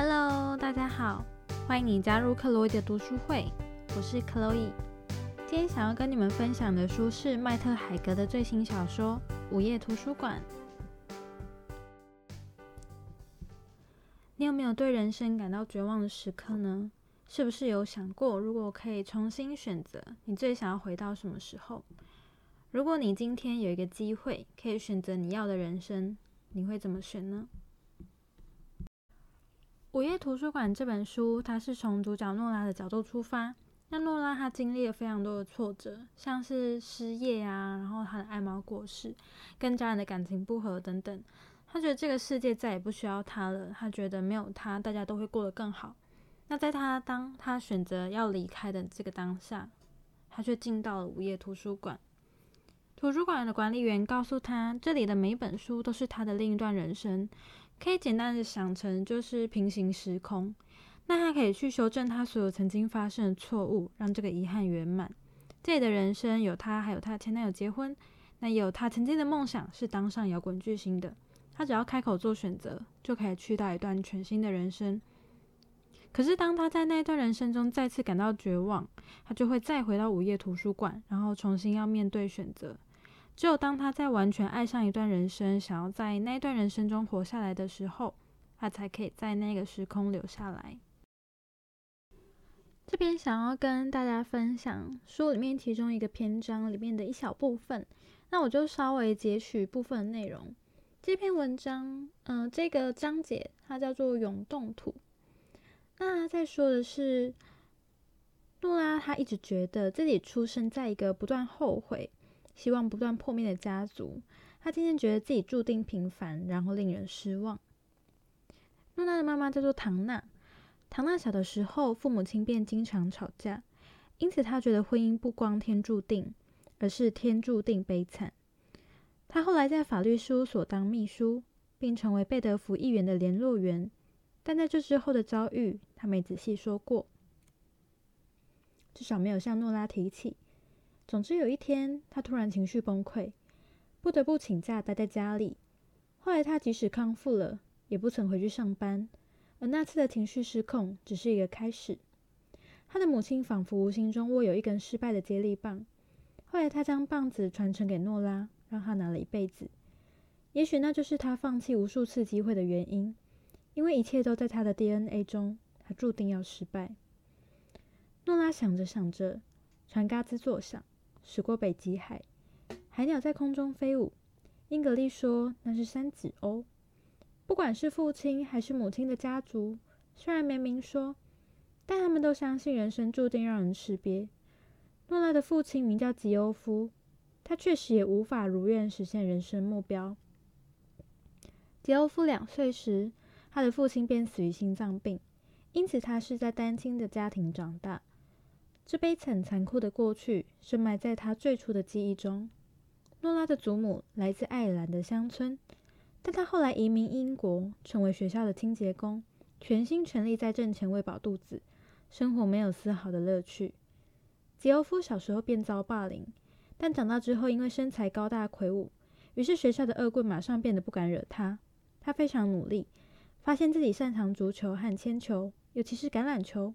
Hello，大家好，歡迎你加入克洛伊的讀書會。我是克洛伊，今天想要跟你們分享的書是麥特·海格的最新小說《午夜圖書館》。你有沒有對人生感到絕望的時刻呢？是不是有想過，如果可以重新選擇，你最想要回到什麼時候？如果你今天有一個機會，可以選擇你要的人生，你會怎麼選呢？《午夜圖書館》這本書，他是從主角諾拉的角度出發。那諾拉她經歷了非常多的挫折，像是失業啊，然後她的愛貓過世，跟家人的感情不和等等。她覺得這個世界再也不需要她了，她覺得沒有她，大家都會過得更好。那在她當她選擇要離開的這個當下，她卻進到了午夜圖書館。圖書館的管理員告訴她，這裡的每本書都是她的另一段人生。可以簡單的想成就是平行時空，那他可以去修正他所有曾經發生的錯誤，讓這個遺憾圓滿。這裡的人生有他，還有他前男友結婚，那有他曾經的夢想是當上搖滾巨星的，他只要開口做選擇，就可以去到一段全新的人生。可是當他在那一段人生中再次感到絕望，他就會再回到午夜圖書館，然後重新要面對選擇。只有當他在完全愛上一段人生，想要在那段人生中活下來的時候，他才可以在那個時空留下來。這邊想要跟大家分享書裡面其中一個篇章裡面的一小部分，那我就稍微截取部分的內容。這篇文章，嗯、呃，這個章節它叫做《永動土》，那在說的是諾拉，她一直覺得自己出生在一個不斷後悔。希望不斷破滅的家族，他漸漸覺得自己注定平凡，然後令人失望。諾拉的媽媽叫做唐娜，唐娜小的時候父母親便經常吵架，因此她覺得婚姻不光天注定，而是天注定悲慘。她後來在法律事務所當秘書，並成為貝德福議員的聯絡員，但在這之後的遭遇，她沒仔細說過，至少沒有向諾拉提起。總之，有一天，他突然情緒崩潰，不得不請假待在家裡。後來，他即使康復了，也不曾回去上班。而那次的情緒失控只是一個開始。他的母親仿佛無形中握有一根失敗的接力棒。後來，他將棒子傳承給諾拉，讓他拿了一輩子。也許那就是他放棄無數次機會的原因，因為一切都在他的 DNA 中，他注定要失敗。諾拉想着想着，船嘎吱作響。駛過北極海，海鳥在空中飛舞。英格麗說：“那是三趾鷗。”不管是父親還是母親的家族，雖然沒明說，但他們都相信人生注定讓人吃癟。諾拉的父親名叫吉歐夫，他確實也無法如願實現人生目標。吉歐夫兩歲時，他的父親便死於心臟病，因此他是在單親的家庭長大。這悲慘殘酷的過去深埋在他最初的記憶中。諾拉的祖母來自愛爾蘭的鄉村，但她後來移民英國，成為學校的清潔工，全心全力在掙錢餵飽肚子，生活沒有絲毫的樂趣。吉歐夫小時候便遭霸凌，但長大之後因為身材高大魁梧，於是學校的惡棍馬上變得不敢惹他。他非常努力，發現自己擅長足球和鉛球，尤其是橄欖球。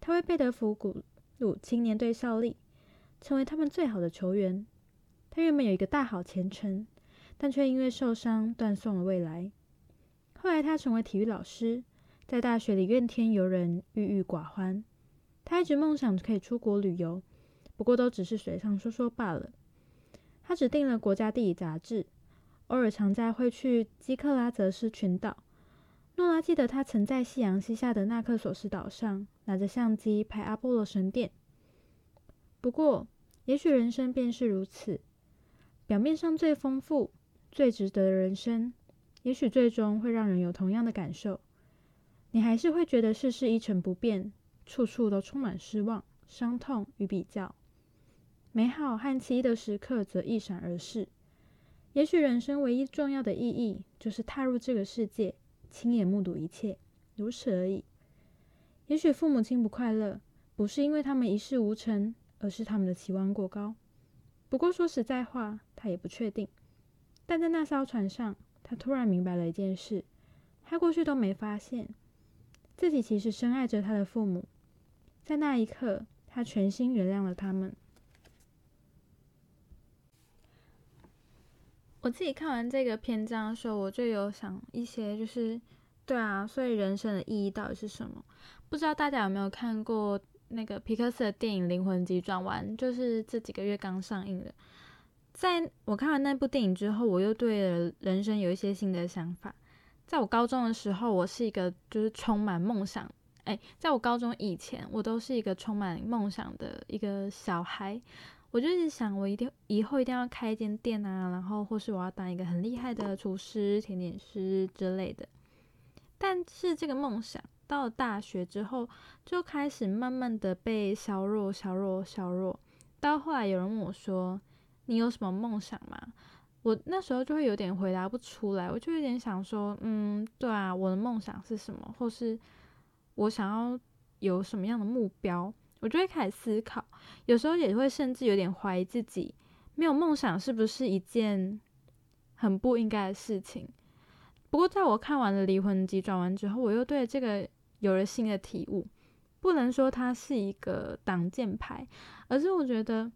他為貝德福古。入青年隊效力，成為他們最好的球員。他原本有一個大好前程，但卻因為受傷斷送了未來。後來他成為體育老師，在大學裡怨天尤人，鬱鬱寡歡。他一直夢想著可以出國旅遊，不過都只是嘴上說說罷了。他只訂了《國家地理》雜誌，偶爾長假會去基克拉澤斯群島。諾拉記得他曾在夕陽西下的納克索斯島上，拿着相機拍阿波羅神殿。不過，也許人生便是如此。表面上最豐富、最值得的人生，也許最終會讓人有同樣的感受。你還是會覺得世事一成不變，處處都充滿失望、傷痛與比較。美好和奇異的時刻則一閃而逝。也許人生唯一重要的意義，就是踏入這個世界，親眼目睹一切，如此而已。也許父母親不快樂，不是因為他們一事無成。而是他們的期望過高。不過說實在話，他也不確定。但在那艘船上，他突然明白了一件事：他過去都沒發現自己其實深愛着他的父母。在那一刻，他全心原諒了他們。我自己看完這個篇章的時候，我就有想一些，就是，對啊，所以人生的意義到底是什麼？不知道大家有沒有看過？那個皮克斯的電影《靈魂急轉彎》，就是這幾個月剛上映的。在我看完那部電影之後，我又對人生有一些新的想法。在我高中的時候，我是一個就是充滿夢想，哎，在我高中以前，我都是一個充滿夢想的一個小孩。我就是想，我一定以後一定要開一間店啊，然後或是我要當一個很厲害的廚師、甜點師之類的。但是這個夢想。到大學之後，就開始慢慢的被削弱、削弱、削弱。到後來有人問我說：“你有什麼夢想嗎？”我那時候就會有點回答不出來，我就有點想說：“嗯，對啊，我的夢想是什麼，或是我想要有什麼樣的目標？”我就會開始思考，有時候也會甚至有點懷疑自己沒有夢想是不是一件很不應該的事情。不過在我看完了《靈魂急轉彎》之後，我又對這個。有了新的體悟，不能說它是一個擋箭牌，而是我覺得，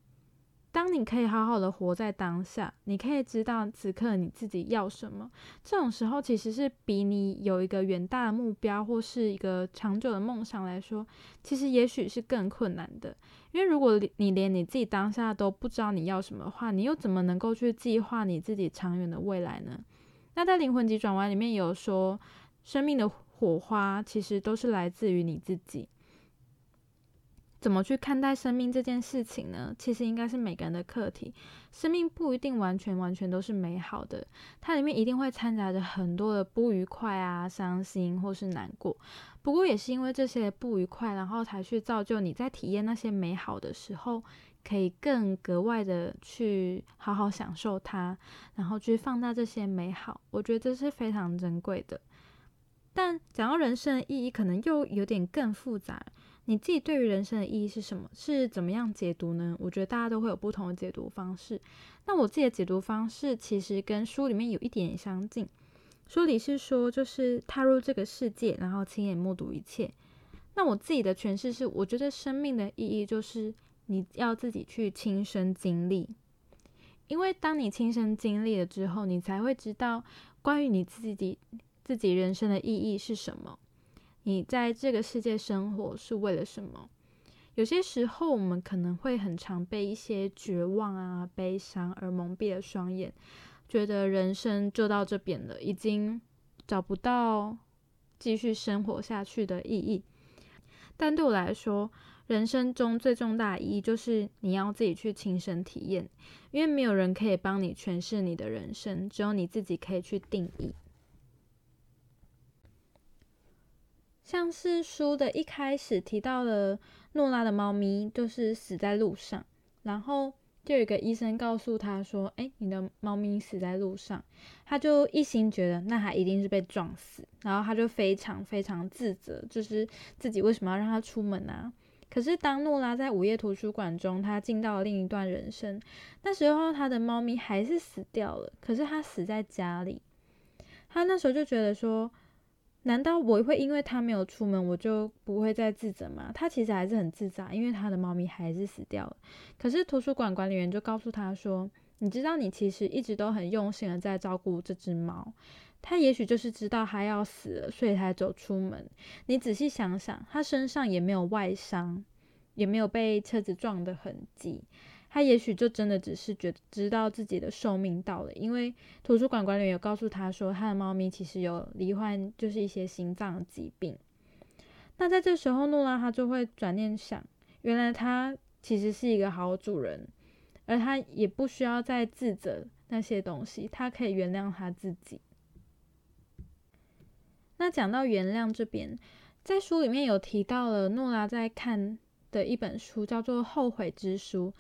當你可以好好的活在當下，你可以知道此刻你自己要什麼，這種時候其實是比你有一個遠大的目標或是一個長久的夢想來說，其實也許是更困難的，因為如果你連你自己當下都不知道你要什麼的話，你又怎麼能夠去計劃你自己長遠的未來呢？那在靈魂急轉彎裡面有說生命的。火花其實都是來自於你自己，怎麼去看待生命這件事情呢？其實應該是每個人的課題。生命不一定完全完全都是美好的，它裡面一定會摻雜着很多的不愉快啊、傷心或是難過。不過也是因為這些不愉快，然後才去造就你在體驗那些美好的時候，可以更格外的去好好享受它，然後去放大這些美好。我覺得這是非常珍貴的。但講到人生的意義，可能又有點更複雜。你自己對於人生的意義是什麼？是怎麼樣解讀呢？我覺得大家都會有不同的解讀方式。那我自己的解讀方式其實跟書裡面有一點相近。書裡是說，就是踏入這個世界，然後親眼目睹一切。那我自己的詮釋是，我覺得生命的意義就是你要自己去親身經歷，因為當你親身經歷了之後，你才會知道關於你自己的。自己人生的意義是什麼？你在這個世界生活是為了什麼？有些時候，我們可能會很常被一些絕望啊、悲傷而蒙蔽了雙眼，覺得人生就到這邊了，已經找不到繼續生活下去的意義。但對我來說，人生中最重大意義就是你要自己去親身體驗，因為沒有人可以幫你詮釋你的人生，只有你自己可以去定義。像是書的一開始提到了諾拉的貓咪，就是死在路上，然後就有一個醫生告訴他說：“哎，你的貓咪死在路上。”他就一心覺得那它一定是被撞死，然後他就非常非常自責，就是自己為什麼要讓它出門啊？可是當諾拉在午夜圖書館中，他進到了另一段人生，那時候他的貓咪還是死掉了，可是他死在家裡，他那時候就覺得說。難道我會因為他沒有出門，我就不會再自責嗎？他其實還是很自責，因為他的貓咪還是死掉了。可是圖書館管理員就告訴他說：“你知道，你其實一直都很用心的在照顧這隻貓。他也許就是知道他要死了，所以才走出門。你仔細想想，他身上也沒有外傷，也沒有被車子撞的痕跡。”他也許就真的只是覺得知道自己的壽命到了，因為圖書館管理員有告訴他說，他的貓咪其實有罹患就是一些心臟疾病。那在這時候，諾拉他就會轉念想，原來他其實是一個好主人，而他也不需要再自責那些東西，他可以原諒他自己。那講到原諒這邊，在書裡面有提到了諾拉在看的一本書叫做《後悔之書》。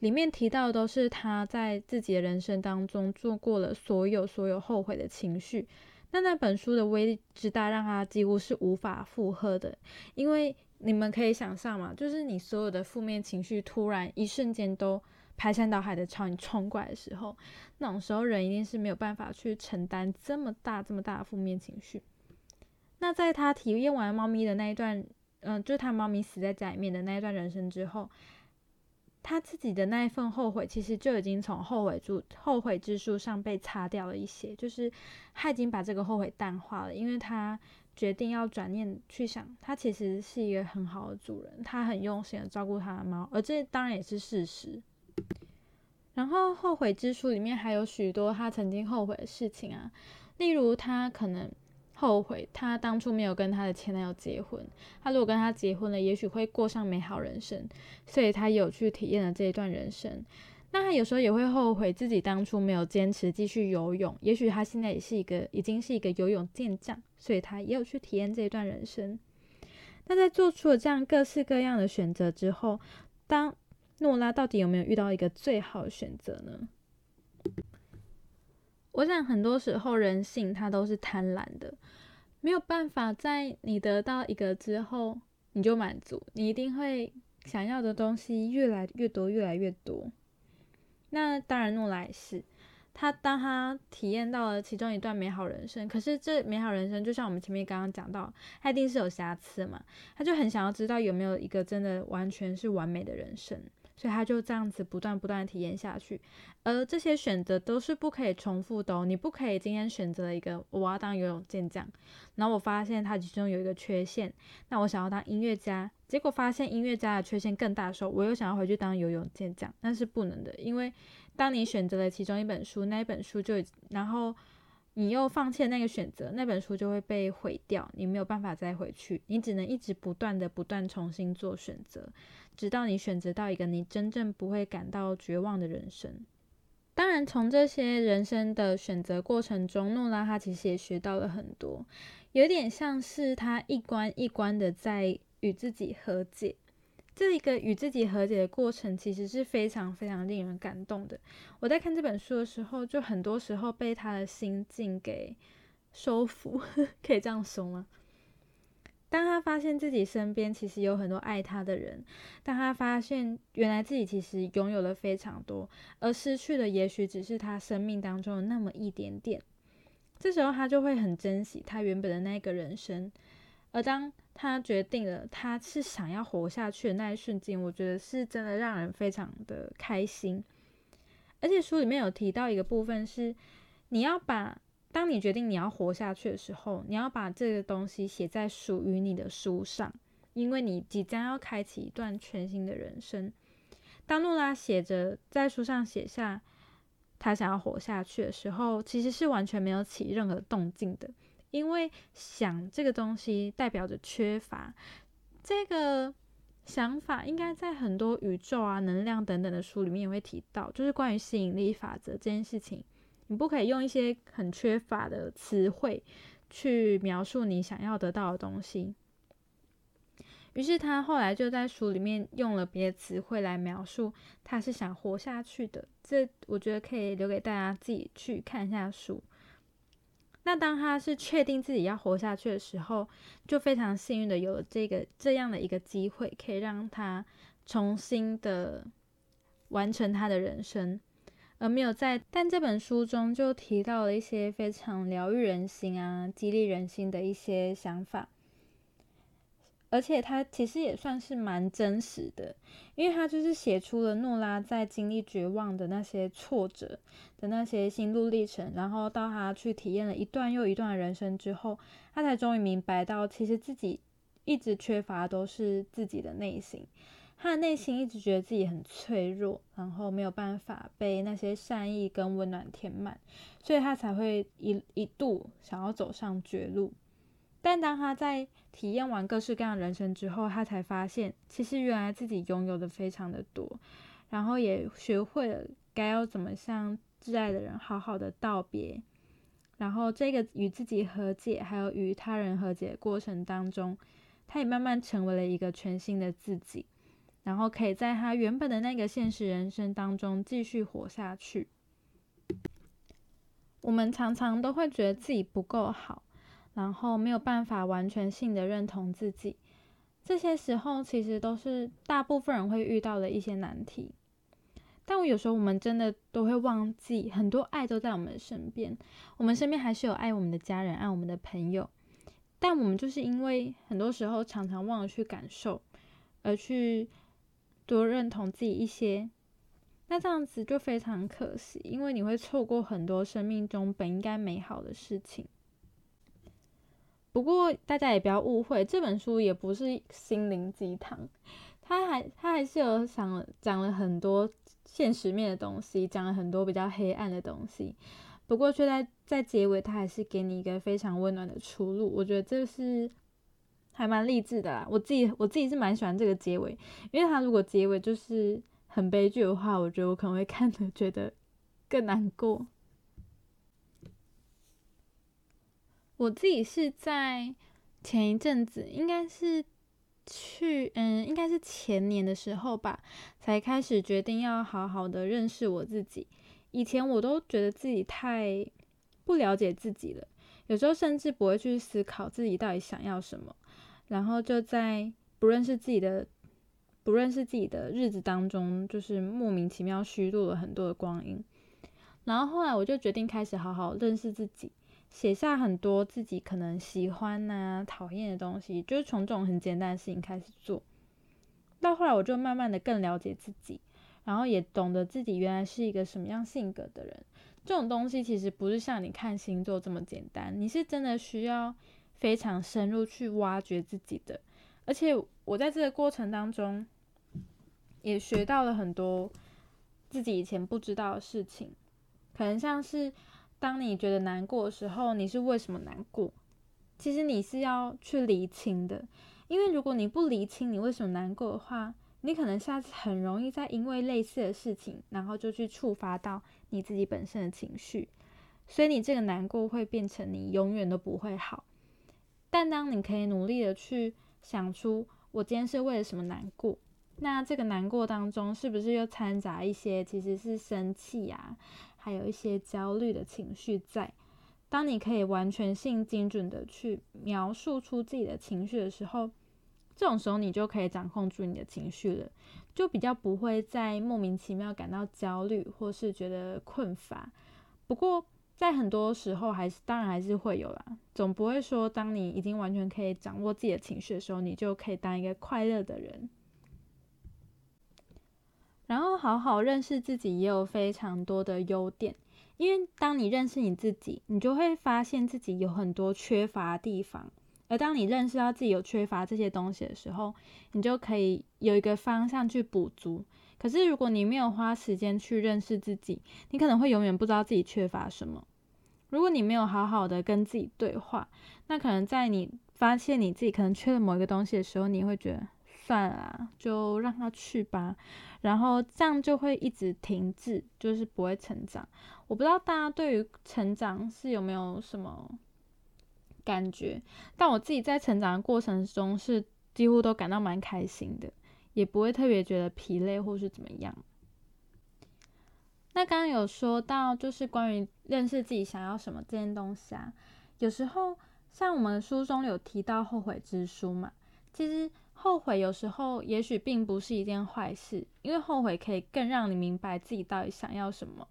裡面提到的都是他在自己的人生當中做過了所有所有後悔的情緒，那那本書的威力之大，讓他幾乎是無法負荷的，因為你們可以想象嘛，就是你所有的負面情緒突然一瞬間都排山倒海的朝你衝過來的時候，那種時候人一定是沒有辦法去承擔這麼大這麼大的負面情緒。那在他體驗完貓咪的那一段，嗯、呃，就是他貓咪死在家裡面的那一段人生之後。他自己的那一份後悔，其實就已經從後悔之後悔之書上被擦掉了一些，就是他已經把這個後悔淡化了，因為他決定要轉念去想，他其實是一個很好的主人，他很用心的照顧他的貓，而這當然也是事實。然後後悔之書裡面還有許多他曾經後悔的事情啊，例如他可能。後悔他當初沒有跟他的前男友結婚，他如果跟他結婚了，也許會過上美好人生，所以他有去體驗了這一段人生。那他有時候也會後悔自己當初沒有堅持繼續游泳，也許他現在也是一個已經是一個游泳健將，所以他也有去體驗這一段人生。那在做出了這樣各式各樣的選擇之後，當諾拉到底有沒有遇到一個最好的選擇呢？我想，很多時候人性它都是貪婪的，沒有辦法在你得到一個之後你就滿足，你一定會想要的東西越來越多，越來越多。那當然，諾來是，他當他體驗到了其中一段美好人生，可是這美好人生就像我們前面剛剛講到，他一定是有瑕疵嘛，他就很想要知道有沒有一個真的完全是完美的人生。所以他就這樣子不斷不斷體驗下去，而這些選擇都是不可以重複的哦。你不可以今天選擇了一個我要當游泳健將，然後我發現他其中有一個缺陷，那我想要當音樂家，結果發現音樂家的缺陷更大的時候，我又想要回去當游泳健將，那是不能的，因為當你選擇了其中一本書，那一本書就已然後。你又放棄那個選擇，那本書就會被毀掉，你沒有辦法再回去，你只能一直不斷的不斷重新做選擇，直到你選擇到一個你真正不會感到絕望的人生。當然，從這些人生的選擇過程中，諾拉她其實也學到了很多，有點像是她一關一關的在與自己和解。這一個與自己和解的過程，其實是非常非常令人感動的。我在看這本書的時候，就很多時候被他的心境給收服，可以這樣說嗎？當他發現自己身邊其實有很多愛他的人，當他發現原來自己其實擁有了非常多，而失去的也許只是他生命當中的那麼一點點，這時候他就會很珍惜他原本的那個人生。而當他決定了他是想要活下去的那一瞬間，我覺得是真的讓人非常的開心。而且書裡面有提到一個部分是，你要把當你決定你要活下去的時候，你要把這個東西寫在屬於你的書上，因為你即將要開啟一段全新的人生。當諾拉寫着在書上寫下他想要活下去的時候，其實是完全沒有起任何動靜的。因為想這個東西代表着缺乏，這個想法應該在很多宇宙啊、能量等等的書裡面也會提到，就是關於吸引力法則這件事情，你不可以用一些很缺乏的詞彙去描述你想要得到的東西。於是他後來就在書裡面用了別的詞彙來描述他是想活下去的。這我覺得可以留給大家自己去看一下書。那當他是確定自己要活下去的時候，就非常幸運的有這個這樣的一個機會，可以讓他重新的完成他的人生，而沒有在。但這本書中就提到了一些非常療癒人心啊、激勵人心的一些想法。而且他其實也算是蠻真實的，因為他就是寫出了諾拉在經歷絕望的那些挫折的那些心路歷程，然後到他去體驗了一段又一段的人生之後，他才終於明白到，其實自己一直缺乏的都是自己的內心，他的內心一直覺得自己很脆弱，然後沒有辦法被那些善意跟溫暖填滿，所以他才會一一度想要走上絕路。但當他在體驗完各式各樣的人生之後，他才發現，其實原來自己擁有的非常的多，然後也學會了該要怎麼向摯愛的人好好的道別，然後這個與自己和解，還有與他人和解的過程當中，他也慢慢成為了一個全新的自己，然後可以在他原本的那個現實人生當中繼續活下去。我們常常都會覺得自己不夠好。然後沒有辦法完全性的認同自己，這些時候其實都是大部分人會遇到的一些難題。但我有時候我們真的都會忘記，很多愛都在我們身邊，我們身邊還是有愛我們的家人、愛我們的朋友，但我們就是因為很多時候常常忘了去感受，而去多認同自己一些，那這樣子就非常可惜，因為你會錯過很多生命中本應該美好的事情。不過大家也不要誤會，這本書也不是心靈雞湯，他還他還是有講了講了很多現實面的東西，講了很多比較黑暗的東西。不過卻在在結尾，他還是給你一個非常溫暖的出路。我覺得這是還蠻勵志的啦。我自己我自己是蠻喜歡這個結尾，因為他如果結尾就是很悲劇的話，我覺得我可能會看得覺得更難過。我自己是在前一陣子，應該是去，嗯，應該是前年的時候吧，才開始決定要好好的認識我自己。以前我都覺得自己太不了解自己了，有時候甚至不會去思考自己到底想要什麼，然後就在不認識自己的、不認識自己的日子當中，就是莫名其妙虛度了很多的光陰。然後後來我就決定開始好好認識自己。寫下很多自己可能喜歡啊、討厭的東西，就是從這種很簡單的事情開始做。到後來，我就慢慢的更了解自己，然後也懂得自己原來是一個什麼樣性格的人。這種東西其實不是像你看星座這麼簡單，你是真的需要非常深入去挖掘自己的。而且我在這個過程當中，也學到了很多自己以前不知道的事情，可能像是。當你覺得難過的時候，你是為什麼難過？其實你是要去理清的，因為如果你不理清你為什麼難過的話，你可能下次很容易再因為類似的事情，然後就去觸發到你自己本身的情緒，所以你這個難過會變成你永遠都不會好。但當你可以努力的去想出我今天是為了什麼難過，那這個難過當中是不是又摻雜一些其實是生氣呀、啊？還有一些焦慮的情緒在。當你可以完全性精準的去描述出自己的情緒的時候，這種時候你就可以掌控住你的情緒了，就比較不會再莫名其妙感到焦慮或是覺得困乏。不過在很多時候還是當然還是會有啦，總不會說當你已經完全可以掌握自己的情緒的時候，你就可以當一個快樂的人。然後好好認識自己，也有非常多的優點。因為當你認識你自己，你就會發現自己有很多缺乏的地方。而當你認識到自己有缺乏這些東西的時候，你就可以有一個方向去補足。可是如果你沒有花時間去認識自己，你可能會永遠不知道自己缺乏什麼。如果你沒有好好的跟自己對話，那可能在你發現你自己可能缺了某一個東西的時候，你會覺得。算了，就讓他去吧。然後這樣就會一直停滯，就是不會成長。我不知道大家對於成長是有沒有什麼感覺，但我自己在成長的過程中是幾乎都感到蠻開心的，也不會特別覺得疲累或是怎麼樣。那剛剛有說到，就是關於認識自己想要什麼這件東西啊，有時候像我們書中有提到《後悔之書》嘛，其實。後悔有時候也許並不是一件壞事，因為後悔可以更讓你明白自己到底想要什麼。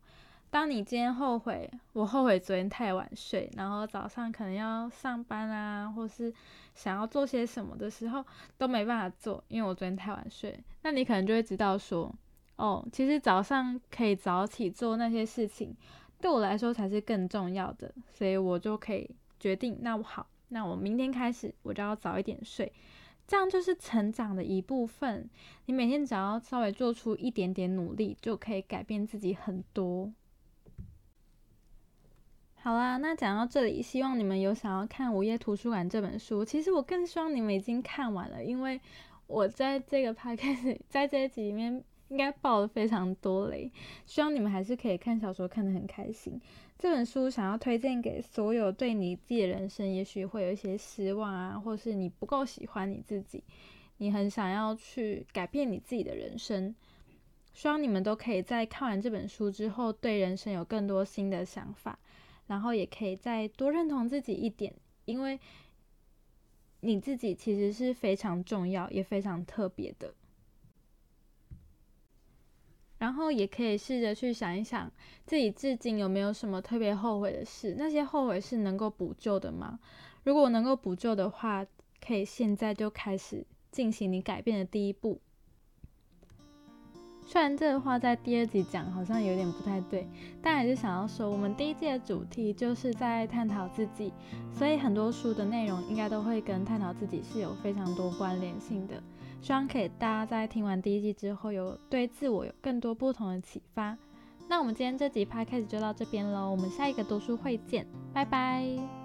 當你今天後悔，我後悔昨天太晚睡，然後早上可能要上班啊，或是想要做些什麼的時候，都沒辦法做，因為我昨天太晚睡。那你可能就會知道說，哦，其實早上可以早起做那些事情，對我來說才是更重要的，所以我就可以決定，那我好，那我明天開始我就要早一點睡。這樣就是成長的一部分。你每天只要稍微做出一點點努力，就可以改變自己很多。好啦，那講到這裡，希望你們有想要看《午夜圖書館》這本書。其實我更希望你們已經看完了，因為我在這個 podcast，在這一集裡面。應該爆了非常多雷，希望你們還是可以看小說看得很開心。這本書想要推薦給所有對你自己的人生，也許會有一些失望啊，或是你不夠喜歡你自己，你很想要去改變你自己的人生。希望你們都可以在看完這本書之後，對人生有更多新的想法，然後也可以再多認同自己一點，因為你自己其實是非常重要，也非常特別的。然後也可以試着去想一想，自己至今有沒有什麼特別後悔的事？那些後悔是能夠補救的嗎？如果能夠補救的話，可以現在就開始進行你改變的第一步。雖然這個話在第二集講好像有點不太對，但也是想要說，我們第一季的主題就是在探討自己，所以很多書的內容應該都會跟探討自己是有非常多關聯性的。希望可以大家在聽完第一季之後，有對自我有更多不同的啟發。那我們今天這集 Podcast 就到這邊嘍，我們下一個讀書會見，拜拜。